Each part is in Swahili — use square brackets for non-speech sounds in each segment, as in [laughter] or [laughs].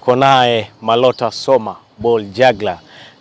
Tuko naye Malota Soma ball juggler.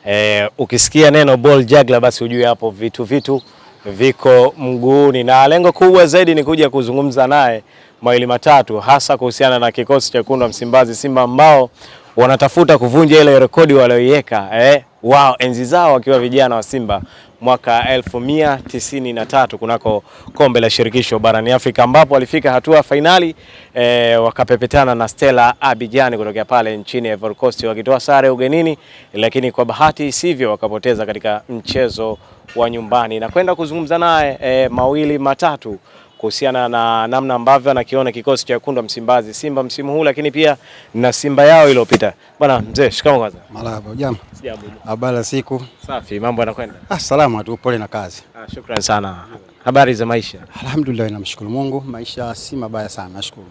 E, ukisikia neno ball juggler basi ujue hapo vitu vitu viko mguuni, na lengo kubwa zaidi ni kuja kuzungumza naye mawili matatu, hasa kuhusiana na kikosi cha kundwa Msimbazi Simba ambao wanatafuta kuvunja ile rekodi walioiweka eh, wao enzi zao wakiwa vijana wa Simba mwaka 1993 kunako kombe la shirikisho barani Afrika ambapo walifika hatua fainali e, eh, wakapepetana na Stella Abidjan kutokea pale nchini Ivory Coast wakitoa sare ugenini, lakini kwa bahati sivyo wakapoteza katika mchezo wa nyumbani na kwenda kuzungumza naye e, mawili matatu kuhusiana na namna ambavyo anakiona kikosi cha wekundu Msimbazi Simba msimu huu, lakini pia na Simba yao iliyopita. Bwana mzee, shikamo kwanza. Marahaba, jambo. Sijambo. Habari za siku? Safi, mambo yanakwenda? Ah, salama tu, pole na kazi. Ah, shukrani sana. Habari za maisha? Alhamdulillah, namshukuru Mungu, maisha si mabaya sana, nashukuru.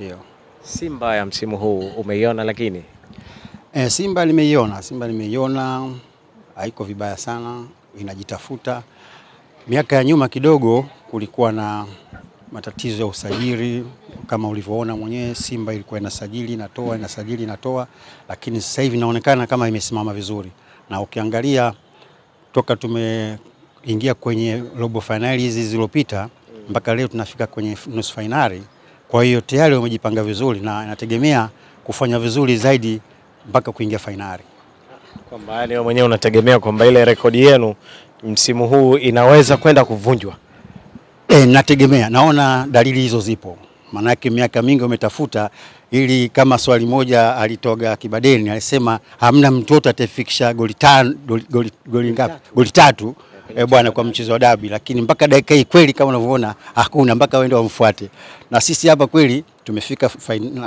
Yeah. Simba ya msimu huu umeiona lakini? Eh, Simba limeiona, Simba limeiona, haiko vibaya sana, inajitafuta Miaka ya nyuma kidogo kulikuwa na matatizo ya usajili kama ulivyoona mwenyewe, Simba ilikuwa inasajili inatoa, inasajili inatoa, lakini sasa hivi inaonekana kama imesimama vizuri, na ukiangalia toka tumeingia kwenye robo finali hizi zilizopita mpaka leo tunafika kwenye nusu finali. Kwa hiyo tayari wamejipanga vizuri na inategemea kufanya vizuri zaidi mpaka kuingia finali, kwamba wewe mwenyewe unategemea kwamba ile rekodi yenu msimu huu inaweza kwenda kuvunjwa? E, nategemea naona dalili hizo zipo, maanake miaka mingi umetafuta ili kama swali moja alitoga Kibadeni alisema hamna mtoto atafikisha goli tano goli goli ngapi? Goli tatu e, bwana kwa mchezo wa dabi, lakini mpaka dakika hii kweli kama unavyoona hakuna, mpaka waende wamfuate. Na sisi hapa kweli tumefika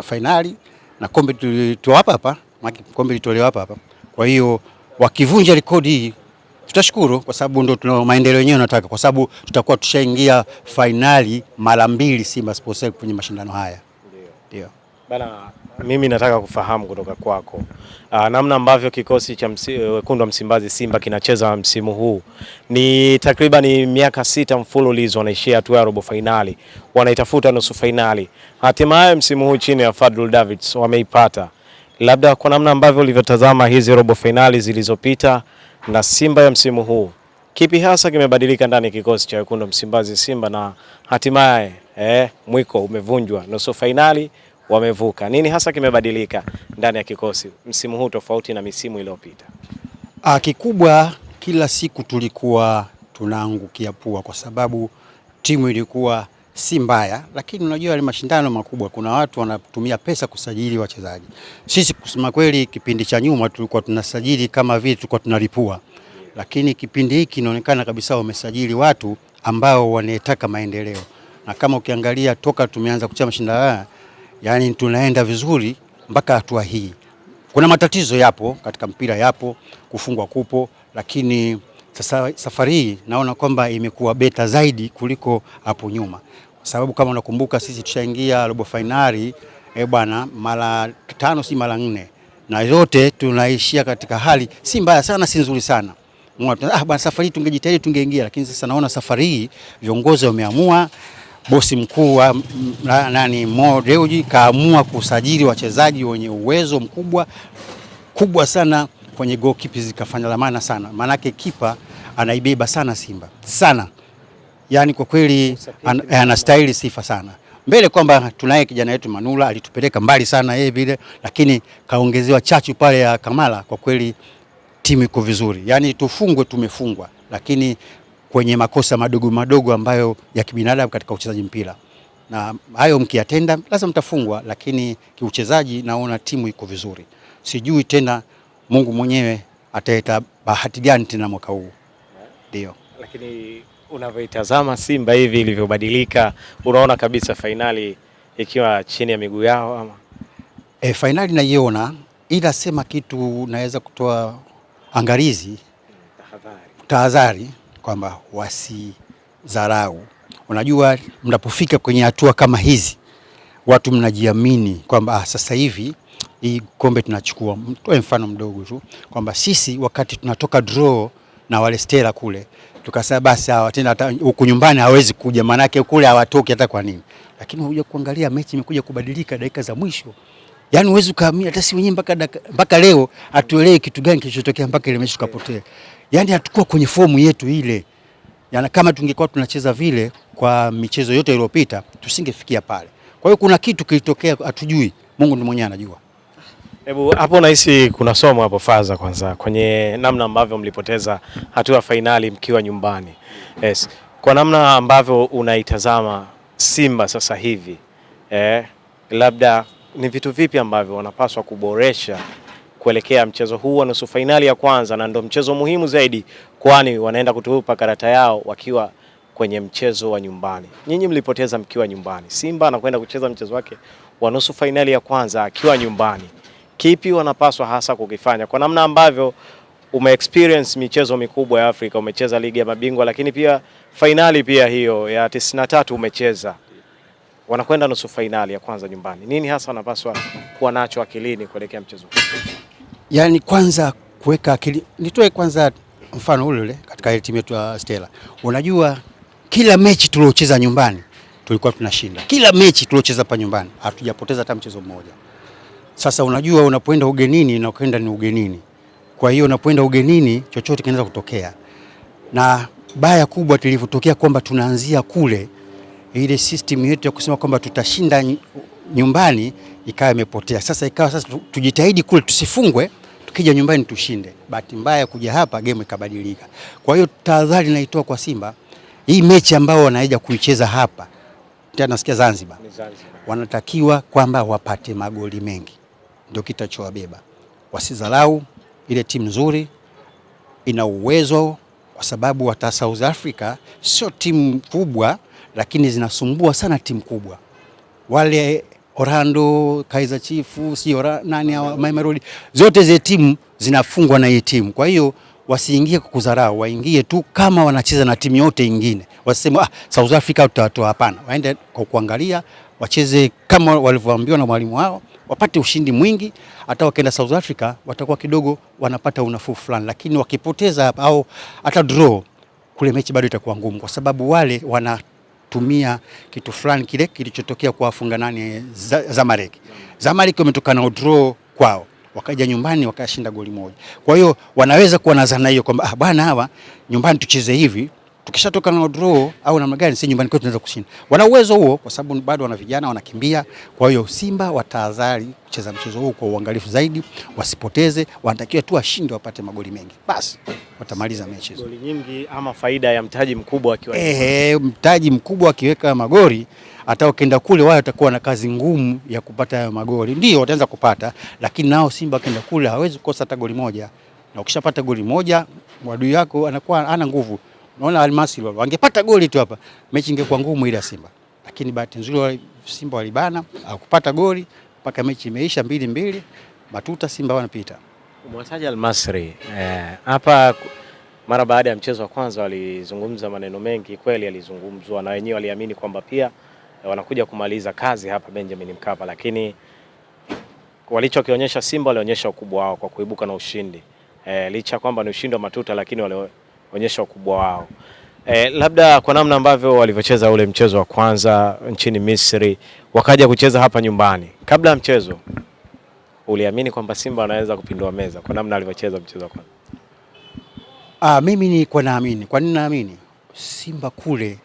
fainali na kombe tulitoa hapa hapa, kombe litolewa hapa hapa. Kwa hiyo wakivunja rekodi hii Tutashukuru kwa sababu ndio tuna maendeleo yenyewe tunataka, kwa sababu tutakuwa tushaingia fainali mara mbili Simba Sports Club kwenye mashindano haya. Ndio. Bana, mimi nataka kufahamu kutoka kwako aa, ah, namna ambavyo kikosi cha eh, wekundu wa Msimbazi Simba kinacheza msimu huu. Ni takriban miaka sita mfululizo wanaishia hatua ya robo fainali, wanaitafuta nusu fainali, hatimaye msimu huu chini ya Fadlu Davids wameipata. Labda kwa namna ambavyo ulivyotazama hizi robo fainali zilizopita na Simba ya msimu huu, kipi hasa kimebadilika ndani ya kikosi cha wekundu Msimbazi Simba, na hatimaye eh, mwiko umevunjwa, nusu fainali wamevuka. Nini hasa kimebadilika ndani ya kikosi msimu huu tofauti na misimu iliyopita? Ah, kikubwa kila siku tulikuwa tunaangukia pua, kwa sababu timu ilikuwa si mbaya, lakini unajua yale mashindano makubwa, kuna watu wanatumia pesa kusajili wachezaji. Sisi kusema kweli, kipindi cha nyuma tulikuwa tunasajili kama vile tulikuwa tunalipua, lakini kipindi hiki inaonekana kabisa wamesajili watu ambao wanataka maendeleo, na kama ukiangalia toka tumeanza kucheza mashindano haya, yani tunaenda vizuri mpaka hatua hii. Kuna matatizo yapo katika mpira, yapo kufungwa kupo, lakini sasa safari hii naona kwamba imekuwa beta zaidi kuliko hapo nyuma sababu kama unakumbuka sisi tushaingia robo fainali eh bwana, mara tano si mara nne, na yote tunaishia katika hali si mbaya sana, si nzuri sana. Ah, bwana, safari tungejitahidi tungeingia, lakini sasa naona safari hii viongozi wameamua bosi mkuu wa nani Mo Dewji kaamua kusajili wachezaji wenye uwezo mkubwa kubwa sana kwenye goalkeepers, zikafanya la maana sana, maanake kipa anaibeba sana Simba sana yani kwa kweli an, anastahili sifa sana mbele kwamba tunaye kijana wetu Manula alitupeleka mbali sana yeye vile, lakini kaongezewa chachu pale ya Kamala. Kwa kweli timu iko vizuri, yani tufungwe, tumefungwa, lakini kwenye makosa madogo madogo ambayo ya kibinadamu katika uchezaji mpira, na hayo mkiyatenda lazima mtafungwa, lakini kiuchezaji naona timu iko vizuri. Sijui tena Mungu mwenyewe ataleta bahati gani tena mwaka huu, ndio lakini Unavyoitazama Simba hivi ilivyobadilika, unaona kabisa fainali ikiwa chini ya miguu yao ama? E, fainali naiona, ila sema kitu naweza kutoa angalizi tahadhari kwamba wasidharau. Unajua, mnapofika kwenye hatua kama hizi watu mnajiamini kwamba ah, sasa hivi hii kombe tunachukua. mtoe mfano mdogo tu kwamba sisi wakati tunatoka draw na wale Stella kule tukasema basi hawa tena huku nyumbani hawezi kuja, maanake kule hawatoki hata kwa nini. Lakini unakuja kuangalia mechi imekuja kubadilika dakika za mwisho, yani huwezi kuamini. Hata si wenyewe mpaka mpaka leo hatuelewi kitu gani kilichotokea mpaka ile mechi tukapotea, yani hatukuwa kwenye fomu yetu ile. Yani kama tungekuwa tunacheza vile kwa michezo yote iliyopita tusingefikia pale. Kwa hiyo kuna kitu kilitokea, hatujui. Mungu ndiye mwenyewe anajua. Hebu hapo nahisi kuna somo hapo Faza, kwanza kwenye namna ambavyo mlipoteza hatua fainali mkiwa nyumbani. Yes. Kwa namna ambavyo unaitazama Simba sasa hivi eh, labda ni vitu vipi ambavyo wanapaswa kuboresha kuelekea mchezo huu wa nusu fainali ya kwanza, na ndo mchezo muhimu zaidi, kwani wanaenda kutupa karata yao wakiwa kwenye mchezo wa nyumbani. Nyinyi mlipoteza mkiwa nyumbani, Simba anakwenda kucheza mchezo wake wa nusu fainali ya kwanza akiwa nyumbani kipi wanapaswa hasa kukifanya, kwa namna ambavyo experience michezo mikubwa ya Afrika, umecheza ligi ya mabingwa, lakini pia fainali pia hiyo ya tatu umecheza, wanakwenda nusu fainali ya kwanza nyumbani. Nini hasa wanapaswa kuwa nacho akilini kuelekea mchezo huu? Yani kwanza kuweka akili, nitoe kwanza mfano ule ule katika timu yetu ya Stella. Unajua kila mechi tuliocheza nyumbani tulikuwa tunashinda, kila mechi tuliocheza pa nyumbani hatujapoteza hata mchezo mmoja. Sasa unajua unapoenda ugenini na ukaenda ni ugenini, kwa hiyo unapoenda ugenini chochote kinaweza kutokea, na baya kubwa tulivyotokea kwamba tunaanzia kule, ile system yetu ya kusema kwamba tutashinda nyumbani ikawa imepotea. Sasa ikawa sasa tujitahidi kule tusifungwe, tukija nyumbani tushinde. Bahati mbaya kuja hapa game ikabadilika. Kwa hiyo tahadhari naitoa kwa Simba, hii mechi ambao wanaeja kuicheza hapa tena nasikia Zanzibar, wanatakiwa kwamba wapate magoli mengi ndio kitachowabeba. Wasidharau ile timu nzuri, ina uwezo kwa sababu hata South Africa sio timu kubwa, lakini zinasumbua sana timu kubwa wale Orlando Kaizer Chiefs, si nani, Mamelodi, zote zile timu zinafungwa na hii timu. Kwa hiyo wasiingie kukudharau, waingie tu kama wanacheza na timu yote ingine, wasema ah, South Africa tutawatoa. Hapana, waende kwa kuangalia, wacheze kama walivyoambiwa na mwalimu wao wapate ushindi mwingi, hata wakienda South Africa watakuwa kidogo wanapata unafuu fulani, lakini wakipoteza au hata draw kule, mechi bado itakuwa ngumu, kwa sababu wale wanatumia kitu fulani kile kilichotokea kwa wafunga nani Zamalek. Zamalek wametoka na draw kwao wakaja nyumbani wakashinda goli moja. Kwa hiyo wanaweza kuwa na zana hiyo kwamba ah, bwana hawa nyumbani tucheze hivi tukishatoka na draw au namna gani, si nyumbani kwetu tunaweza kushinda. Wana uwezo huo, kwa sababu bado wana vijana wanakimbia. Kwa hiyo Simba watahadhari kucheza mchezo huu kwa uangalifu zaidi, wasipoteze. Wanatakiwa tu washinde, wapate magoli mengi, basi watamaliza mechi hizo. Goli nyingi ama faida ya mtaji mkubwa akiwa eh, mtaji mkubwa akiweka magoli hata ukienda kule wao watakuwa na kazi ngumu ya kupata hayo magoli, ndio wataanza kupata, lakini nao Simba akienda kule hawezi kukosa hata goli moja, na ukishapata goli moja wadui yako anakuwa ana nguvu naona Almasi wangepata goli tu hapa, mechi ingekuwa ngumu ile Simba, lakini bahati nzuri Simba walibana akupata goli mpaka mechi imeisha mbili mbili, matuta Simba wanapita. Umwataja Almasri eh, hapa eh, mara baada ya mchezo wa kwanza walizungumza maneno mengi kweli, alizungumzwa na wenyewe waliamini kwamba pia eh, wanakuja kumaliza kazi hapa Benjamin Mkapa, lakini walichokionyesha Simba walionyesha ukubwa wao kwa kuibuka na ushindi eh, licha kwamba ni ushindi wa matuta, lakini wale kuonyesha ukubwa wao. E, labda kwa namna ambavyo walivyocheza ule mchezo wa kwanza nchini Misri wakaja kucheza hapa nyumbani. Kabla ya mchezo uliamini kwamba Simba wanaweza kupindua meza kwa namna alivyocheza mchezo wa kwanza? Ah, mimi kwa naamini. Kwa nini naamini? Simba kule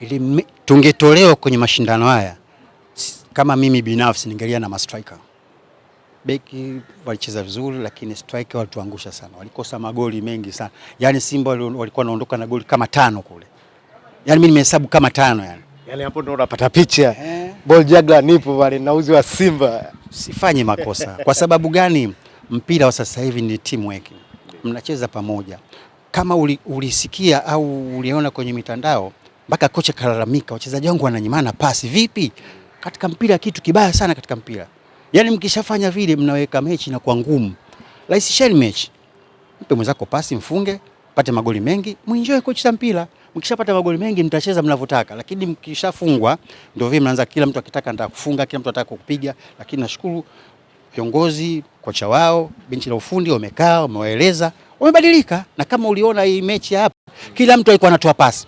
ili tungetolewa kwenye mashindano haya, kama mimi binafsi ningelia na mastriker beki walicheza vizuri, lakini striker walituangusha sana, walikosa magoli mengi sana. Yani Simba walikuwa wanaondoka na goli kama tano kule, yani mimi nimehesabu kama tano yani. Yani hapo ndo unapata picha eh. Ball juggler nipo pale nauzi wa Simba, sifanye makosa kwa sababu gani? Mpira wa sasa hivi ni teamwork, mnacheza pamoja. Kama ulisikia au uliona kwenye mitandao, mpaka kocha kalalamika, wachezaji wangu wananyimana pasi. Vipi katika mpira? Kitu kibaya sana katika mpira Yaani mkishafanya vile mnaweka mechi na kwa ngumu. Rahisisheni mechi. Mpe mwenzako pasi mfunge, pate magoli mengi, muenjoy kucheza mpira. Mkishapata magoli mengi mtacheza mnavyotaka, lakini mkishafungwa ndio vile mnaanza kila mtu akitaka anataka kufunga, kila mtu anataka kukupiga, lakini nashukuru viongozi, kocha wao, benchi la ufundi wamekaa, wamewaeleza, wamebadilika. Na kama uliona hii mechi hapa, kila mtu alikuwa anatoa pasi.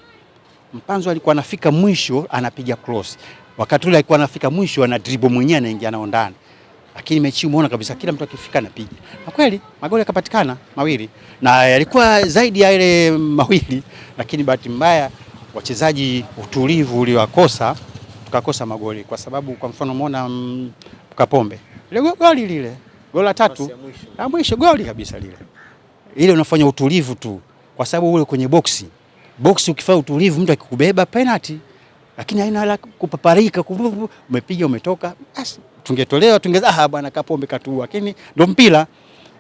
Mpanzo alikuwa anafika mwisho anapiga cross. Wakati ule alikuwa anafika mwisho ana dribble mwenyewe anaingia ndani lakini mechi umeona kabisa kila mtu akifika anapiga, na kweli magoli yakapatikana mawili, na yalikuwa zaidi ya ile mawili, lakini bahati mbaya wachezaji utulivu uliowakosa tukakosa magoli, kwa sababu kwa mfano umeona mm, Kapombe ile goli lile goli la tatu la mwisho goli kabisa lile ile, unafanya utulivu tu, kwa sababu ule kwenye boksi boksi, ukifanya utulivu mtu akikubeba penalty, lakini haina la kupaparika, umepiga umetoka, basi tungetolewa tungeza ah, bwana Kapombe katuua, lakini ndo mpira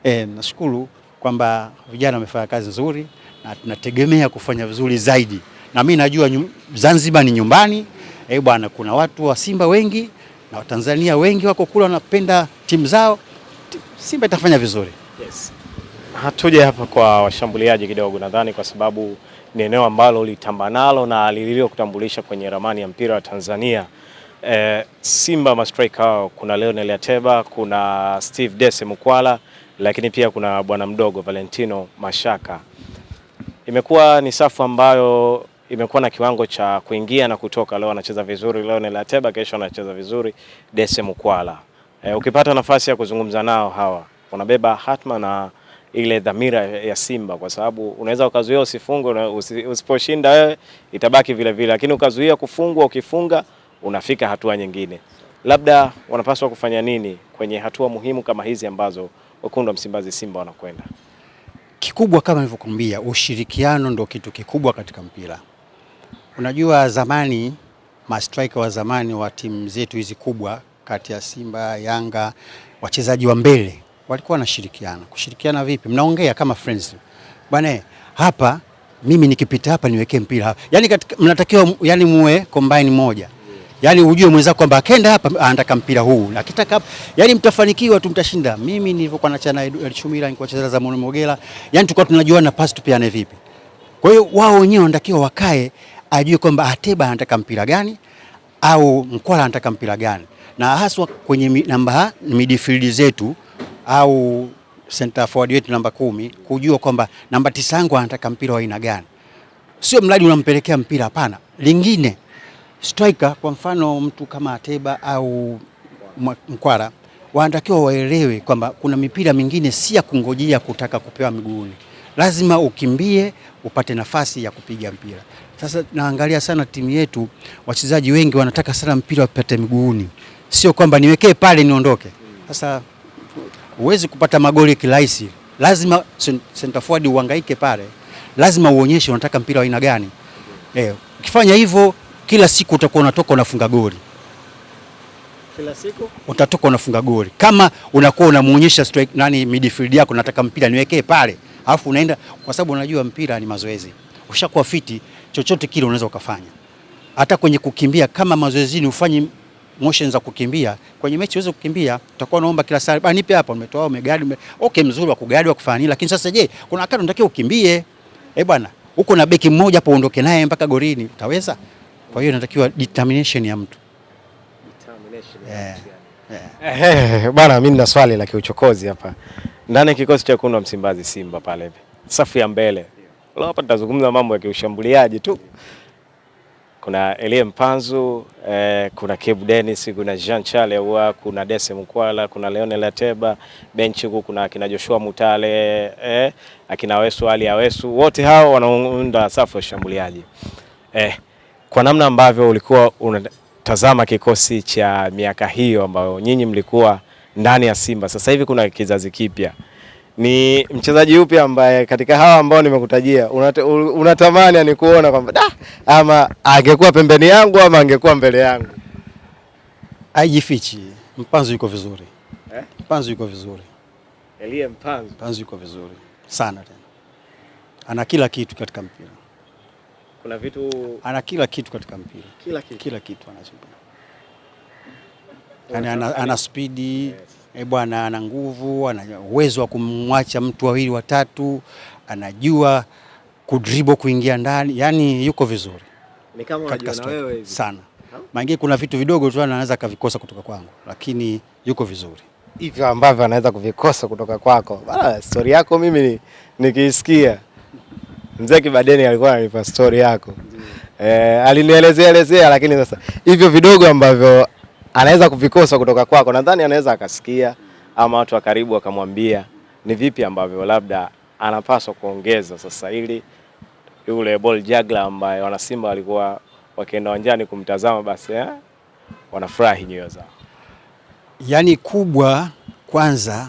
eh. Nashukuru kwamba vijana wamefanya kazi nzuri na tunategemea kufanya vizuri zaidi, na mimi najua Zanzibar ni nyumbani eh bwana, kuna watu wa Simba wengi na Watanzania wengi wako kule wanapenda timu zao. Simba itafanya vizuri yes. Hatuje hapa kwa washambuliaji kidogo, nadhani kwa sababu ni eneo ambalo litambanalo nalo na lililokutambulisha kwenye ramani ya mpira wa Tanzania eh, Simba mastrike hao kuna Leonel Ateba, kuna Steve Dese Mukwala, lakini pia kuna bwana mdogo Valentino Mashaka. Imekuwa ni safu ambayo imekuwa na kiwango cha kuingia na kutoka. Leo anacheza vizuri Leonel Ateba, kesho anacheza vizuri Dese Mukwala. Eh, ukipata nafasi ya kuzungumza nao hawa unabeba hatma na ile dhamira ya Simba kwa sababu unaweza ukazuia usifunge, usiposhinda wewe itabaki vile vile, lakini ukazuia kufungwa, ukifunga unafika hatua nyingine. Labda wanapaswa kufanya nini kwenye hatua muhimu kama hizi ambazo wekundu wa Msimbazi Simba wanakwenda? Kikubwa kama nilivyokuambia, ushirikiano ndio kitu kikubwa katika mpira. Unajua zamani mastrika wa zamani wa timu zetu hizi kubwa kati ya Simba, Yanga, wachezaji wa mbele walikuwa wanashirikiana. Kushirikiana vipi? Mnaongea kama friends, bwana, hapa mimi nikipita hapa niweke mpira hapa, yani mnatakiwa yani muwe combine moja yani ujue mwenzako kwamba akenda hapa anataka mpira huu akitaka yani mtafanikiwa tu, mtashinda. Mimi nilivyokuwa nacheza na Elchumira, nilikuwa nacheza za Mwalimu Mogela, yani tulikuwa tunajuana pasi tupeane vipi. Kwa hiyo wao wenyewe wanatakiwa wakae, ajue kwamba Ateba anataka mpira gani au Mkwala anataka mpira gani, na haswa kwenye namba midfield zetu au center forward wetu namba kumi, kujua kwamba namba tisa yangu anataka mpira wa aina gani. Sio mradi unampelekea mpira, hapana, lingine striker kwa mfano mtu kama Ateba au Mkwara wanatakiwa waelewe kwamba kuna mipira mingine si ya kungojea kutaka kupewa miguuni, lazima ukimbie upate nafasi ya kupiga mpira. Sasa naangalia sana timu yetu, wachezaji wengi wanataka sana mpira wapate miguuni, sio kwamba niwekee pale niondoke. Sasa huwezi kupata magoli kirahisi, lazima center forward uhangaike pale, lazima uonyeshe unataka mpira wa aina gani. Eh, ukifanya hivyo kila siku utakuwa unatoka unafunga goli kila siku utatoka unafunga goli, kama unakuwa unamuonyesha strike nani midfield yako, nataka mpira niwekee pale, alafu unaenda, kwa sababu unajua mpira ni mazoezi. Ushakuwa fiti, chochote kile unaweza ukafanya, hata kwenye kukimbia. Kama mazoezi ni ufanye motion za kukimbia, kwenye mechi uweze kukimbia, utakuwa unaomba kila saa, bana nipe hapa, umetoa umegadi ume... okay, mzuri wa kugadi wa kufanya nini, lakini sasa, je, kuna wakati unatakiwa ukimbie, eh bwana, uko na beki mmoja hapo, uondoke naye mpaka golini, utaweza? Kwa hiyo inatakiwa determination ya mtu yeah. yeah. yeah. Hey, bwana mimi nina swali la kiuchokozi hapa ndani ya kikosi cha wekundu Msimbazi Simba pale safu ya mbele yeah. Leo hapa tutazungumza mambo ya kiushambuliaji tu Kuna Elie Mpanzu eh, kuna Kibu Dennis, kuna Jean Chalewa, kuna Dese Mkwala, kuna Leonel Ateba, benchi huku kuna akina Joshua Mutale eh, akina Wesu Ali Awesu, wote hao wanaunda safu ya ushambuliaji eh kwa namna ambavyo ulikuwa unatazama kikosi cha miaka hiyo ambayo nyinyi mlikuwa ndani ya Simba, sasa hivi kuna kizazi kipya, ni mchezaji yupi ambaye katika hawa ambao nimekutajia unatamani ni kuona kwamba da, ama angekuwa pembeni yangu ama angekuwa mbele yangu? Aijifichi, Mpanzu yuko vizuri eh? Mpanzu yuko vizuri Elie Mpanzu. Mpanzu yuko vizuri sana, tena ana kila kitu katika mpira kuna vitu ana kila kitu katika mpira, kila kitu, kila kitu anacho. Yani ana, ana spidi yes. Eh, bwana ana nguvu, ana uwezo wa kumwacha mtu wawili watatu, anajua kudribo kuingia ndani, yani yuko vizuri. Ni kama unajua na wewe hivi sana Mange, kuna vitu vidogo tu anaweza akavikosa kutoka kwangu, lakini yuko vizuri hivyo ambavyo anaweza kuvikosa kutoka kwako. Ah, Stori yako mimi nikiisikia Mzee Kibadeni alikuwa ananipa story yako eh, alinielezea elezea, lakini sasa hivyo vidogo ambavyo anaweza kuvikosa kutoka kwako, nadhani anaweza akasikia ama watu wa karibu wakamwambia ni vipi ambavyo labda anapaswa kuongeza sasa, ili yule ball juggler ambaye wanasimba walikuwa wakienda wanjani kumtazama, basi eh, wanafurahi nyoyo zao. Yaani kubwa kwanza,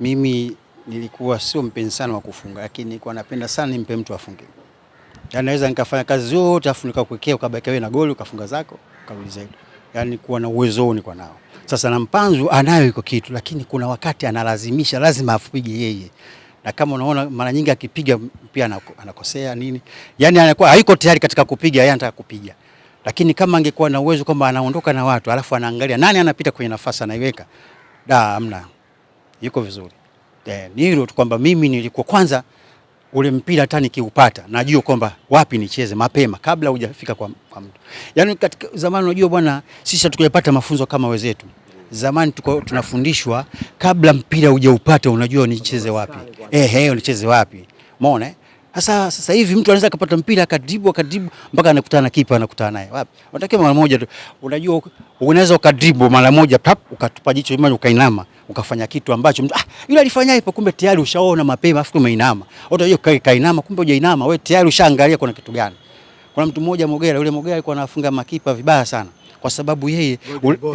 mimi nilikuwa sio mpenzi sana wa kufunga, lakini nilikuwa napenda sana nimpe mtu afunge. Yani naweza nikafanya kazi zote afu nikakuwekea ukabaki wewe na goli ukafunga zako ukarudi zaidi. Yaani kuwa na uwezo ni kwa nao. Sasa na mpanzu anayo iko kitu, lakini kuna wakati analazimisha, lazima afupige yeye na kama unaona mara nyingi akipiga pia anakosea nini, Yaani anakuwa hayuko tayari katika kupiga, yeye anataka kupiga. Lakini kama angekuwa na uwezo kwamba anaondoka na watu alafu anaangalia nani anapita kwenye nafasi anaiweka, da, amna, yuko vizuri eh, ni hilo tu kwamba mimi nilikuwa kwanza ule mpira hata nikiupata najua kwamba wapi nicheze mapema kabla hujafika kwa, kwa mtu. Yaani katika zamani unajua bwana, sisi hatukupata mafunzo kama wenzetu. Zamani tuko tunafundishwa kabla mpira hujaupata unajua nicheze wapi. Ehe, eh, nicheze wapi. Umeona? Eh? Sasa sasa hivi mtu anaweza kupata mpira akadribu akadribu mpaka anakutana na kipa anakutana naye. Wapi? Unatakiwa mara moja tu. Unajua unaweza ukadribu mara moja pap ukatupa jicho imani ukainama ukafanya kitu ambacho mtu ah, yule alifanya hapo, kumbe tayari ushaona mapema afu umeinama. Unajua ukae kainama kumbe hujainama wewe tayari ushaangalia kuna kitu gani. Kuna mtu mmoja Mogera, yule Mogera alikuwa anafunga makipa vibaya sana kwa sababu yeye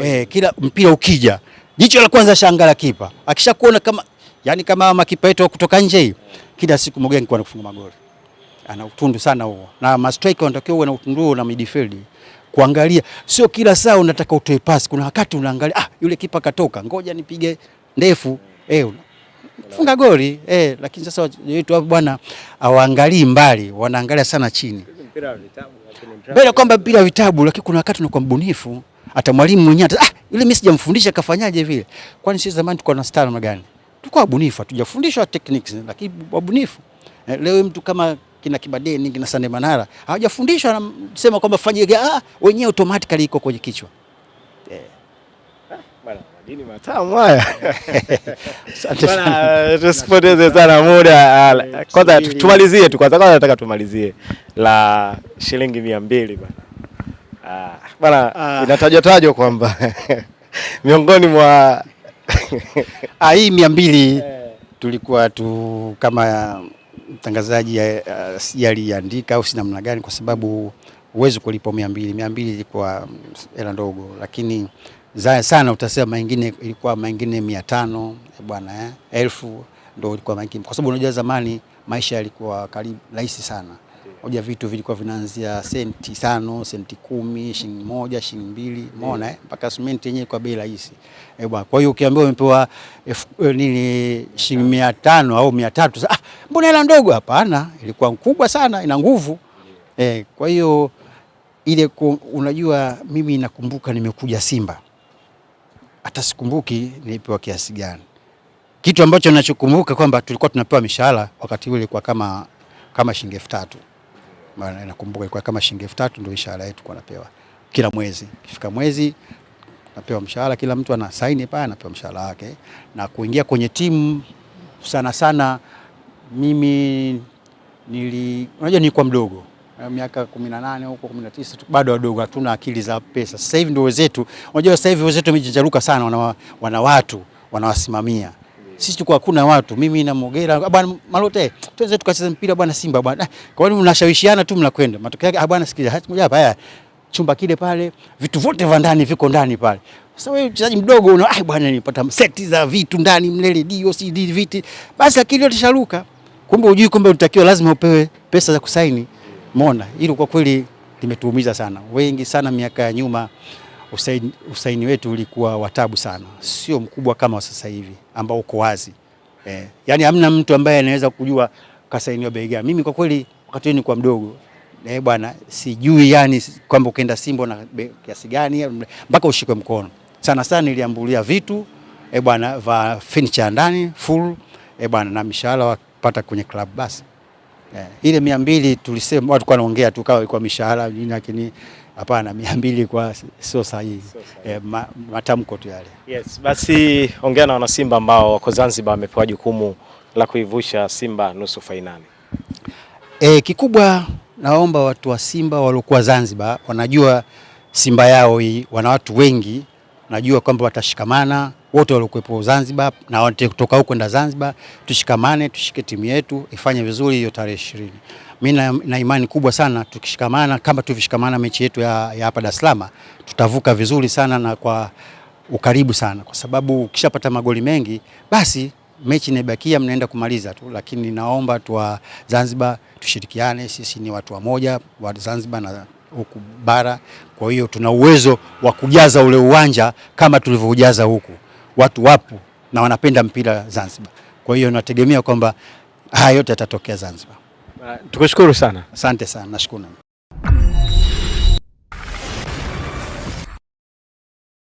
eh, kila mpira ukija jicho la kwanza shangala kipa akishakuona kama yani kama makipa yetu kutoka nje hiyo kila siku Mogeni angekuwa anakufunga magoli. Ana utundu sana huo. Na ma striker wanatakiwa uwe na utundu na midfield. Kuangalia sio kila saa unataka utoe pasi. Kuna wakati unaangalia ah, yule kipa katoka, ngoja nipige ndefu. Eh, funga goli. Eh, lakini sasa wetu hapo bwana hawaangalii mbali, wanaangalia sana chini. Mpira mbele kwamba mpira vitabu lakini kuna wakati unakuwa mbunifu. Hata mwalimu mwenyewe ah, yule mimi sijamfundisha kafanyaje vile. Kwani sisi zamani tulikuwa na star namna gani? Tuko wabunifu, hatujafundishwa techniques lakini wabunifu. Eh, leo mtu kama kina Kibadeni kina Sande Manara hawajafundishwa na sema kwamba fanye, ah, wenyewe automatically iko kwenye kichwa eh. eh Tusipoteze sana muda, eh, kwanza tumalizie tu kwanza, nataka tumalizie la shilingi mia mbili bana, ah, ah. inatajwa tajwa kwamba [laughs] miongoni mwa [laughs] Ah, hii mia mbili tulikuwa tu kama mtangazaji eh, eh, sijali andika au si namna gani, kwa sababu huwezi kulipa mia mbili mia mbili ilikuwa mm, hela ndogo, lakini zaya sana utasema mengine ilikuwa mengine mia tano eh, bwana eh, elfu ndo ilikuwa mengine, kwa sababu unajua zamani maisha yalikuwa karibu rahisi sana. Moja vitu vilikuwa vinaanzia senti tano, senti kumi, shilingi moja, shilingi mbili, umeona eh? Mpaka simenti yenyewe kwa bei rahisi. Eh bwana. Kwa hiyo ukiambiwa umepewa eh, nini shilingi 500 au 300, ah, mbona hela ndogo? Hapana, ilikuwa mkubwa sana, ina nguvu. Eh, kwa hiyo ile ku, unajua, mimi nakumbuka nimekuja Simba, hata sikumbuki nilipewa kiasi gani. Kitu ambacho nachokumbuka kwamba tulikuwa tunapewa mishahara wakati ule kwa kama, kama shilingi elfu tatu maana nakumbuka ilikuwa kama shilingi elfu tatu ndio mshahara yetu kwa napewa kila mwezi. Kifika mwezi napewa mshahara, kila mtu ana saini pale, anapewa mshahara wake. Na kuingia kwenye timu sana sana, mimi nili, unajua nilikuwa mdogo miaka 18 huko 19 bado wadogo, hatuna akili za pesa. Sasa hivi ndio wenzetu, unajua sasa hivi wenzetu wamejijaruka sana, wana, wana watu wanawasimamia sisi tuko hakuna watu, mimi na Mogera ah, bwana Malote, tuweze tukacheza mpira bwana Simba bwana. Ah, kwa nini mnashawishiana tu mnakwenda? Matokeo yake ah, bwana, sikia hapa, haya chumba kile pale, vitu vyote vya ndani viko ndani pale. Sasa wewe mchezaji mdogo una ah, bwana nilipata seti za vitu ndani mle, mlele CD viti basi, akili yote sharuka. Kumbe ujui kumbe utakiwa lazima upewe pesa za kusaini. Umeona hilo, kwa kweli limetuumiza sana wengi sana miaka ya nyuma usaini, usaini wetu ulikuwa watabu sana, sio mkubwa kama sasa hivi ambao uko wazi eh. Yani hamna mtu ambaye anaweza kujua kasainiwa bei gani. Mimi kwa kweli wakati kwa mdogo eh bwana, sijui yani kwamba ukaenda Simba na kiasi gani mpaka ushikwe mkono. Sana sana niliambulia vitu eh bwana va furniture ndani full eh bwana, na mishahara wapata kwenye club basi. Eh, ile mia tulisema watu kwa naongea tu kawa ilikuwa mishahara lakini Hapana, mia mbili kwa sio sahihi e, ma, matamko tu yale. Yes, basi ongea na wanasimba ambao wako Zanzibar wamepewa jukumu la kuivusha Simba nusu fainali. E, kikubwa naomba watu wa Simba waliokuwa Zanzibar wanajua Simba yao hii, wana watu wengi, najua kwamba watashikamana wote waliokuwepo Zanzibar na wote kutoka huko kwenda Zanzibar, tushikamane, tushike timu yetu ifanye vizuri hiyo tarehe ishirini. Mimi na imani kubwa sana tukishikamana, kama tuvishikamana mechi yetu ya, ya hapa Dar es Salaam tutavuka vizuri sana na kwa ukaribu sana, kwa sababu ukishapata magoli mengi basi mechi inabakia mnaenda kumaliza tu, lakini naomba wa Zanzibar tushirikiane. Sisi ni watu wamoja wa Zanzibar na huku bara, kwa hiyo tuna uwezo wa kujaza ule uwanja kama tulivyoujaza huku watu wapo na wanapenda mpira Zanzibar. Kwa hiyo nategemea kwamba haya yote yatatokea Zanzibar. Tukushukuru sana, asante sana, nashukuru.